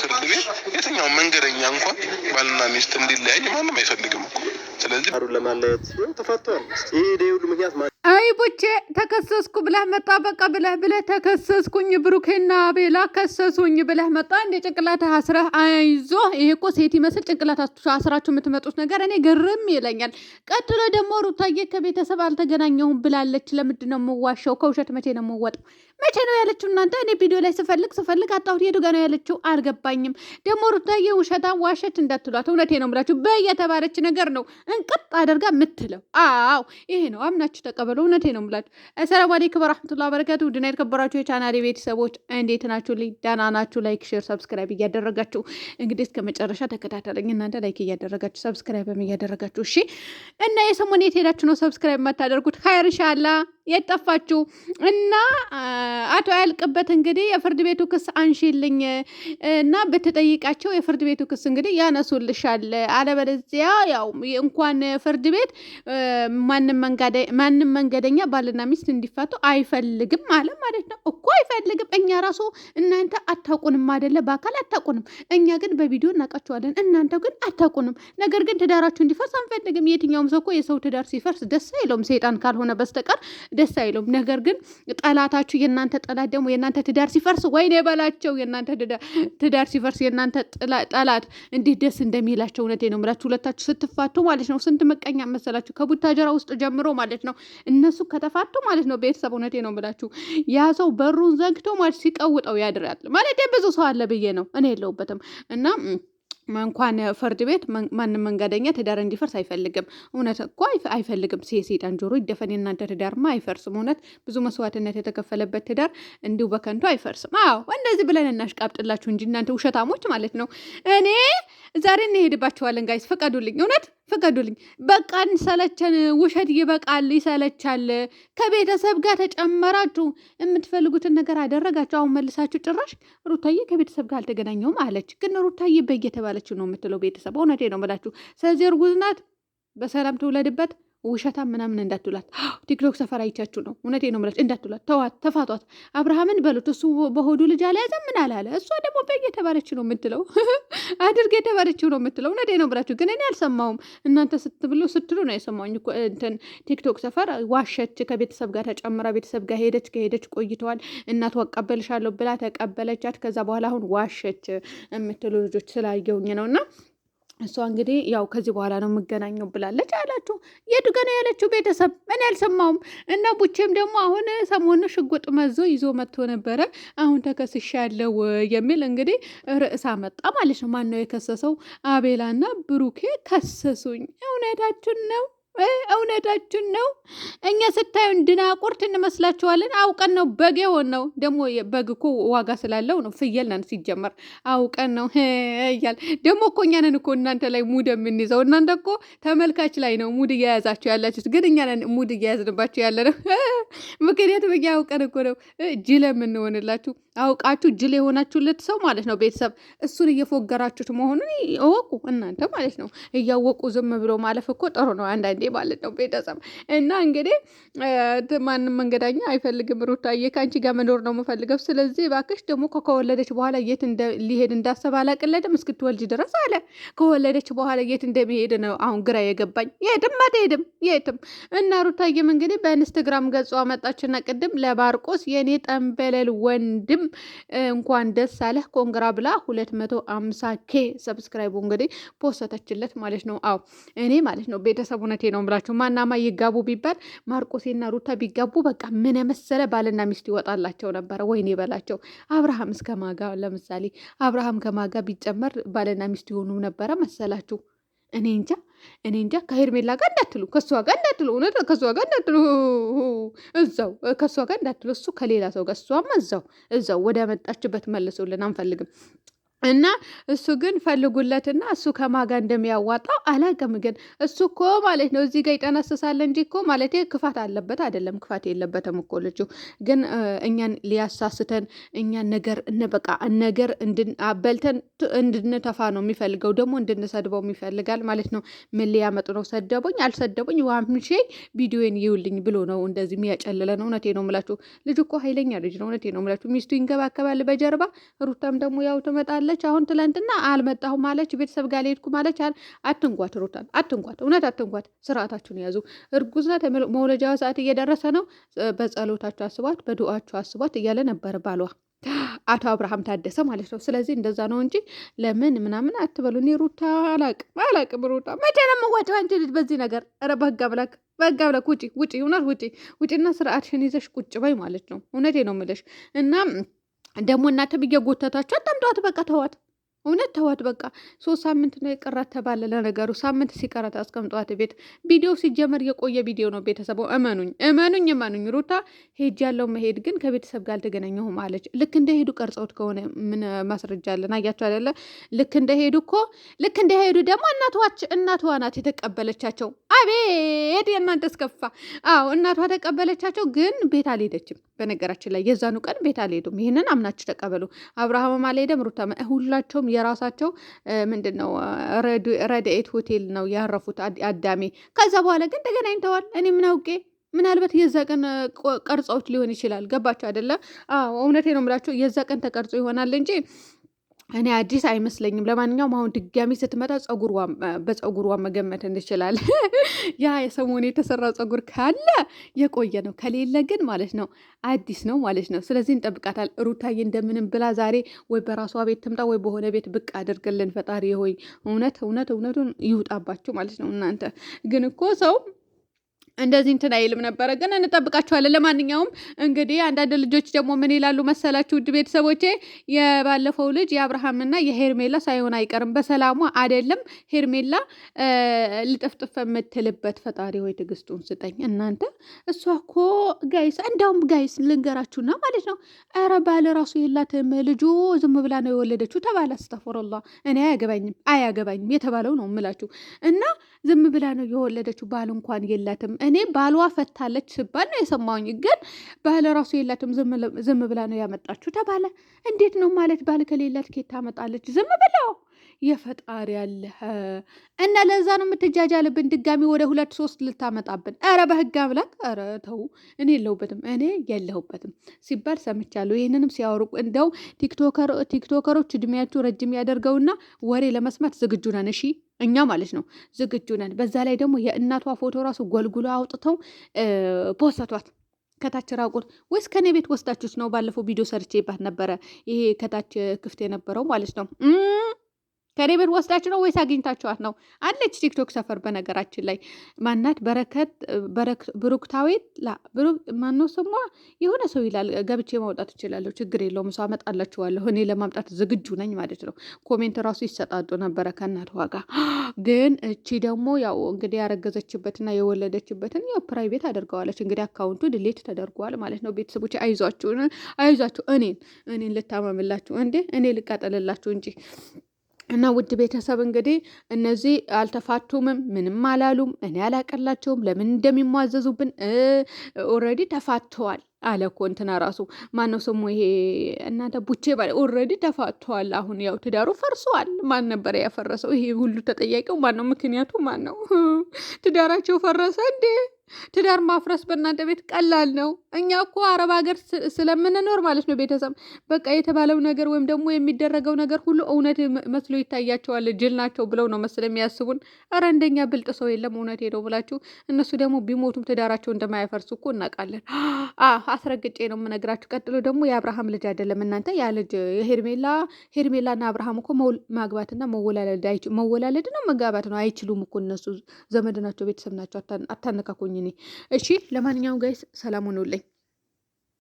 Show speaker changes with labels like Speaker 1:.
Speaker 1: ፍርድ ቤት የትኛው መንገደኛ እንኳን ባልና ሚስት እንዲለያይ ማንም አይፈልግም እኮ። ስለዚህ አሩ ለማለት ተፋቷል። ይሄ ሁሉ ምክንያት
Speaker 2: አይ ቡቼ ተከሰስኩ ብለህ መጣ። በቃ ብለህ ብለህ ተከሰስኩኝ፣ ብሩኬና ቤላ ከሰሱኝ ብለህ መጣ። እንደ ጭንቅላት አስረህ አይዞ። ይሄ እኮ ሴት ይመስል ጭንቅላት አስራችሁ የምትመጡት ነገር እኔ ግርም ይለኛል። ቀጥሎ ደግሞ ሩታዬ ከቤተሰብ አልተገናኘሁም ብላለች። ለምንድን ነው የምዋሸው? ከውሸት መቼ ነው የምወጣው? መቼ ነው ያለችው? እናንተ እኔ ቪዲዮ ላይ ስፈልግ ስፈልግ አጣሁት። የቱ ጋ ነው ያለችው? አልገባኝም። ደግሞ ሩታዬ ውሸታም ዋሸች እንዳትሏት፣ እውነቴ ነው የምላችሁ። በየተባለች ነገር ነው እንቅጥ አደርጋ ምትለው። አዎ ይሄ ነው፣ አምናችሁ ተቀበሉ። እውነቴ ነው የምላችሁ። አሰላሙ አለይኩም ወራህመቱላሂ ወበረካቱ። ውድና የተከበራችሁ የቻናሌ ቤተሰቦች እንዴት ናችሁ? ደህና ናችሁ? ላይክ፣ ሼር፣ ሰብስክራይብ እያደረጋችሁ እንግዲህ እስከ መጨረሻ ተከታተለኝ። እናንተ ላይክ እያደረጋችሁ ሰብስክራይብም እያደረጋችሁ እሺ። እና የሰሞን የት ሄዳችሁ ነው ሰብስክራይብ የማታደርጉት? ኸይር ኢንሻአላህ የጠፋችሁ እና አቶ ያልቅበት እንግዲህ የፍርድ ቤቱ ክስ አንሺልኝ እና ብትጠይቃቸው የፍርድ ቤቱ ክስ እንግዲህ ያነሱልሻል። አለበለዚያ ያው እንኳን ፍርድ ቤት ማንም መንገደኛ ባልና ሚስት እንዲፋቱ አይፈልግም አለ ማለት ነው። አይፈልግም። እኛ ራሱ እናንተ አታውቁንም አይደለ? በአካል አታውቁንም። እኛ ግን በቪዲዮ እናውቃችኋለን። እናንተ ግን አታውቁንም። ነገር ግን ትዳራችሁ እንዲፈርስ አንፈልግም። የትኛውም ሰው እኮ የሰው ትዳር ሲፈርስ ደስ አይለውም፣ ሰይጣን ካልሆነ በስተቀር ደስ አይለውም። ነገር ግን ጠላታችሁ፣ የእናንተ ጠላት ደግሞ የእናንተ ትዳር ሲፈርስ ወይኔ በላቸው። የእናንተ ትዳር ሲፈርስ የእናንተ ጠላት እንዲህ ደስ እንደሚላቸው እውነቴ ነው የምላችሁ። ሁለታችሁ ስትፋቱ ማለት ነው ስንት መቀኛ መሰላችሁ? ከቡታጀራ ውስጥ ጀምሮ ማለት ነው እነሱ ከተፋቱ ማለት ነው ቤተሰብ እውነቴ ነው የምላችሁ ያ ሰው በሩ በሩን ዘግቶ ማለት ሲቀውጠው ያድራል። ማለት ብዙ ሰው አለ ብዬ ነው እኔ የለውበትም እና እንኳን ፍርድ ቤት ማንም መንገደኛ ትዳር እንዲፈርስ አይፈልግም። እውነት እኮ አይፈልግም። ሴጣን ጆሮ ይደፈን። የእናንተ ትዳርማ አይፈርስም። እውነት ብዙ መስዋዕትነት የተከፈለበት ትዳር እንዲሁ በከንቱ አይፈርስም። አዎ እንደዚህ ብለን እናሽቃብጥላችሁ እንጂ እናንተ ውሸታሞች ማለት ነው እኔ ዛሬ እንሄድባቸዋለን ጋይስ፣ ፈቀዱልኝ፣ እውነት ፈቀዱልኝ። በቃ እንሰለቸን፣ ውሸት ይበቃል፣ ይሰለቻል። ከቤተሰብ ጋር ተጨመራችሁ፣ የምትፈልጉትን ነገር አደረጋችሁ። አሁን መልሳችሁ ጭራሽ ሩታዬ ከቤተሰብ ጋር አልተገናኘውም አለች። ግን ሩታዬ በየተባለችው ነው የምትለው ቤተሰብ። እውነቴ ነው የምላችሁ። ስለዚህ እርጉዝ ናት፣ በሰላም ትውለድበት። ውሸታም ምናምን እንዳትላት ቲክቶክ ሰፈር አይቻችሁ ነው። እውነቴ ነው የምልሽ እንዳትላት፣ ተዋት፣ ተፋቷት። አብርሃምን በሉት እሱ በሆዱ ልጅ አልያዘም ምን አላለ። እሷ ደግሞ በግ የተባለች ነው የምትለው፣ አድርግ የተባለችው ነው የምትለው። እውነቴ ነው ብላችሁ ግን እኔ አልሰማውም። እናንተ ስትብሉ ስትሉ ነው የሰማኝ። እንትን ቲክቶክ ሰፈር ዋሸች፣ ከቤተሰብ ጋር ተጨምራ ቤተሰብ ጋር ሄደች። ከሄደች ቆይተዋል። እናቷ አቀበልሻለሁ ብላ ተቀበለቻት። ከዛ በኋላ አሁን ዋሸች የምትሉ ልጆች ስላየውኝ ነው እና እሷ እንግዲህ ያው ከዚህ በኋላ ነው የምገናኘው ብላለች አላችሁ። የቱ ገና ያለችው ቤተሰብ እኔ ያልሰማውም እና ቡቼም ደግሞ አሁን ሰሞኑ ሽጉጥ መዞ ይዞ መጥቶ ነበረ። አሁን ተከስሻለሁ የሚል እንግዲህ ርዕስ አመጣ ማለት ነው። ማን ነው የከሰሰው? አቤላና ብሩኬ ከሰሱኝ። እውነታችን ነው እውነታችን ነው። እኛ ስታዩን ድናቁርት እንመስላችኋለን። አውቀን ነው በግ የሆን ነው ደግሞ በግ እኮ ዋጋ ስላለው ነው። ፍየል ነን ሲጀመር አውቀን ነው እያል ደግሞ እኮ እኛ ነን እኮ እናንተ ላይ ሙድ የምንይዘው። እናንተ እኮ ተመልካች ላይ ነው ሙድ እያያዛችሁ ያላችሁት፣ ግን እኛ ነን ሙድ እያያዝንባችሁ ያለ ነው። ምክንያቱም እኛ አውቀን እኮ ነው ጅል የምንሆንላችሁ። አውቃችሁ ጅል የሆናችሁለት ሰው ማለት ነው። ቤተሰብ እሱን እየፎገራችሁት መሆኑን እወቁ እናንተ ማለት ነው። እያወቁ ዝም ብሎ ማለፍ እኮ ጥሩ ነው አንዳንዴ አንዳንዴ ማለት ነው ቤተሰብ እና እንግዲህ ማንም መንገዳኛ አይፈልግም። ሩታዬ ከአንቺ ጋር መኖር ነው የምፈልገው። ስለዚህ እባክሽ ደግሞ ከወለደች በኋላ የት ሊሄድ እንዳሰብ አላቅለድም እስክትወልጅ ድረስ አለ። ከወለደች በኋላ የት እንደሚሄድ ነው አሁን ግራ የገባኝ። የትም አትሄድም የትም። እና ሩታዬም እንግዲህ በኢንስትግራም ገጹ አመጣችና ቅድም ለባርቆስ የኔ ጠንበለል ወንድም እንኳን ደስ አለህ ኮንግራ ብላ ሁለት መቶ አምሳ ኬ ሰብስክራይቡ እንግዲህ ፖስተችለት ማለት ነው። አዎ እኔ ማለት ነው ቤተሰብ ነው የምላችሁ። ማናማ ይጋቡ ቢባል ማርቆሴና ሩታ ቢጋቡ በቃ ምን የመሰለ ባልና ሚስት ይወጣላቸው ነበረ። ወይኔ በላቸው። አብርሃም እስከ ማጋ ለምሳሌ አብርሃም ከማጋ ቢጨመር ባልና ሚስት ይሆኑ ነበረ መሰላችሁ? እኔ እንጃ እኔ እንጃ። ከሄርሜላ ጋር እንዳትሉ፣ ከእሷ ጋር እንዳትሉ፣ እውነት ከእሷ ጋር እንዳትሉ፣ እዛው ከእሷ ጋር እንዳትሉ። እሱ ከሌላ ሰው ጋር እሷም እዛው እዛው ወደ መጣችበት መልሶልን አንፈልግም። እና እሱ ግን ፈልጉለትና እሱ ከማጋ እንደሚያዋጣው አላቅም። ግን እሱ እኮ ማለት ነው እዚህ ጋር ይጠነስሳል እንጂ እኮ ማለት ክፋት አለበት አይደለም፣ ክፋት የለበትም እኮ ልጁ። ግን እኛን ሊያሳስተን እኛን ነገር እንበቃ ነገር በልተን እንድንተፋ ነው የሚፈልገው፣ ደግሞ እንድንሰድበው ይፈልጋል ማለት ነው። ምን ሊያመጡ ነው? ሰደቡኝ አልሰደቡኝ ዋምሼ ቪዲዮን ይውልኝ ብሎ ነው እንደዚህ ነው። እውነቴ ነው ምላችሁ፣ ልጁ እኮ ኃይለኛ ልጅ ነው። እውነቴ ነው ምላችሁ፣ ሚስቱ ይንከባከባል በጀርባ ሩታም ደግሞ ያው ትመጣለ ትመጣለች። አሁን ትላንትና አልመጣሁም አለች፣ ቤተሰብ ጋር አልሄድኩም አለች። አትንጓት፣ ሩታን አትንጓት፣ እውነት አትንጓት። ስርዓታችሁን ያዙ። እርጉዝ ናት፣ መውለጃዋ ሰዓት እየደረሰ ነው። በጸሎታችሁ አስቧት፣ በዱዓችሁ አስቧት እያለ ነበር ባሏ አቶ አብርሃም ታደሰ ማለት ነው። ስለዚህ እንደዛ ነው እንጂ ለምን ምናምን አትበሉ። እኔ ሩታ አላቅም አላቅም። ሩታ መቼ ነው የምዋጪው አንቺ ልጅ በዚህ ነገር? ኧረ በህጋ ብላክ በህጋ ብላክ ውጪ ውጪ፣ እውነት ውጪ ውጪና ስርዓትሽን ይዘሽ ቁጭ በይ ማለት ነው። እውነቴ ነው የምልሽ እና ደግሞ እናንተም እየጎተታችሁ አታምጧት፣ በቃ ተዋት። እውነት ተዋት በቃ ሶስት ሳምንት ነው የቀራት ተባለ። ለነገሩ ሳምንት ሲቀራት አስቀምጧት ቤት ቪዲዮ ሲጀመር የቆየ ቪዲዮ ነው። ቤተሰቡ እመኑኝ እመኑኝ እመኑኝ ሩታ ሄጅ ያለው መሄድ ግን ከቤተሰብ ጋር አልተገናኘሁም አለች። ልክ እንደሄዱ ቀርጸውት ከሆነ ምን ማስረጃ አለን? አያቸው አይደለ? ልክ ሄዱ እኮ ልክ ሄዱ ደግሞ እናቷች እናቷ ናት የተቀበለቻቸው። አቤት የእናንተ ስከፋ! አዎ እናቷ ተቀበለቻቸው፣ ግን ቤት አልሄደችም። በነገራችን ላይ የዛኑ ቀን ቤት አልሄዱም። ይህንን አምናችሁ ተቀበሉ። አብርሃምም አልሄደም፣ ሩታ ሁላቸውም የራሳቸው ምንድን ነው ረድኤት ሆቴል ነው ያረፉት አዳሜ። ከዛ በኋላ ግን ተገናኝተዋል። እኔ ምን አውቄ ምናልባት የዛ ቀን ቀርጾዎች ሊሆን ይችላል። ገባቸው አይደለም? እውነቴ ነው የምላቸው የዛ ቀን ተቀርጾ ይሆናል እንጂ እኔ አዲስ አይመስለኝም። ለማንኛውም አሁን ድጋሚ ስትመጣ በፀጉሯ መገመት እንችላል። ያ የሰሞኑ የተሰራው ፀጉር ካለ የቆየ ነው፣ ከሌለ ግን ማለት ነው አዲስ ነው ማለት ነው። ስለዚህ እንጠብቃታል። ሩታዬ እንደምንም ብላ ዛሬ ወይ በራሷ ቤት ትምጣ ወይ በሆነ ቤት ብቅ አድርግልን። ፈጣሪ ሆይ እውነት እውነት እውነቱን ይውጣባችሁ ማለት ነው። እናንተ ግን እኮ ሰው እንደዚህ እንትን አይልም ነበረ፣ ግን እንጠብቃችኋለን። ለማንኛውም እንግዲህ አንዳንድ ልጆች ደግሞ ምን ይላሉ መሰላችሁ? ውድ ቤተሰቦቼ የባለፈው ልጅ የአብርሃምና የሄርሜላ ሳይሆን አይቀርም። በሰላሙ አይደለም ሄርሜላ ልጥፍጥፍ የምትልበት ፈጣሪ ወይ ትዕግስቱን ስጠኝ እናንተ። እሷ እኮ ጋይስ፣ እንዳውም ጋይስ ልንገራችሁና ማለት ነው ኧረ ባለ ራሱ የላትም ልጁ ዝም ብላ ነው የወለደችው ተባለ። አስተፈረላ እኔ አያገባኝም አያገባኝም የተባለው ነው የምላችሁ እና ዝም ብላ ነው የወለደችው። ባል እንኳን የላትም። እኔ ባሏ ፈታለች ስባል ነው የሰማውኝ ግን ባል ራሱ የላትም፣ ዝም ብላ ነው ያመጣችሁ ተባለ። እንዴት ነው ማለት? ባል ከሌላት ኬት ታመጣለች? ዝም ብለው የፈጣሪ ያለህ እና ለዛ ነው የምትጃጃልብን። ድጋሚ ወደ ሁለት ሶስት ልታመጣብን። ኧረ በህግ አምላክ ኧረ ተው። እኔ የለሁበትም እኔ የለሁበትም ሲባል ሰምቻለሁ። ይህንንም ሲያወርቁ እንደው ቲክቶከሮች እድሜያችሁ ረጅም ያደርገውና ወሬ ለመስማት ዝግጁ ነን። እሺ እኛ ማለት ነው ዝግጁ ነን። በዛ ላይ ደግሞ የእናቷ ፎቶ ራሱ ጎልጉሎ አውጥተው ፖሰቷት። ከታች ራቁት ወይስ ከኔ ቤት ወስዳችሁት ነው? ባለፈው ቪዲዮ ሰርቼባት ነበረ። ይሄ ከታች ክፍት የነበረው ማለት ነው። ከኔ ወስዳችሁ ነው ወይስ አግኝታችኋት ነው? አለች ቲክቶክ ሰፈር። በነገራችን ላይ ማናት በረከት ብሩክታዊት ማኖ ስሟ? የሆነ ሰው ይላል ገብቼ ማውጣት እችላለሁ፣ ችግር የለውም። ሰው አመጣላችኋለሁ፣ እኔ ለማምጣት ዝግጁ ነኝ ማለት ነው። ኮሜንት ራሱ ይሰጣጡ ነበረ ከእናት ዋጋ። ግን እቺ ደግሞ ያው እንግዲህ ያረገዘችበትና የወለደችበትን ያው ፕራይቬት አድርገዋለች። እንግዲህ አካውንቱ ድሌት ተደርጓል ማለት ነው። ቤተሰቦች አይዟችሁ፣ አይዟችሁ፣ እኔን እኔን ልታመምላችሁ እንዴ? እኔ ልቃጠልላችሁ እንጂ እና ውድ ቤተሰብ እንግዲህ እነዚህ አልተፋቱምም፣ ምንም አላሉም። እኔ አላቀላቸውም ለምን እንደሚሟዘዙብን። ኦልሬዲ ተፋተዋል አለ እኮ እንትና ራሱ ማነው ስሙ ይሄ እናንተ ቡቼ ባለ ኦልሬዲ ተፋተዋል። አሁን ያው ትዳሩ ፈርሷል። ማን ነበረ ያፈረሰው? ይሄ ሁሉ ተጠያቂው ማን ነው? ምክንያቱ ማን ነው? ትዳራቸው ፈረሰ እንዴ? ትዳር ማፍረስ በእናንተ ቤት ቀላል ነው። እኛ እኮ አረብ ሀገር ስለምንኖር ማለት ነው ቤተሰብ በቃ የተባለው ነገር ወይም ደግሞ የሚደረገው ነገር ሁሉ እውነት መስሎ ይታያቸዋል። ጅል ናቸው ብለው ነው መስል የሚያስቡን። እረ እንደኛ ብልጥ ሰው የለም። እውነት ሄደው ብላችሁ እነሱ ደግሞ ቢሞቱም ትዳራቸው እንደማያፈርሱ እኮ እናውቃለን። አስረግጬ ነው የምነግራችሁ። ቀጥሎ ደግሞ የአብርሃም ልጅ አይደለም እናንተ ያ ልጅ ሄርሜላ ሄርሜላና አብርሃም እኮ ማግባትና መወላለድ መወላለድ ነው መጋባት ነው አይችሉም እኮ እነሱ ዘመድ ናቸው፣ ቤተሰብ ናቸው። አታነካኩኝ እኔ። እሺ ለማንኛውም ጋይስ ሰላም ሆኖልኝ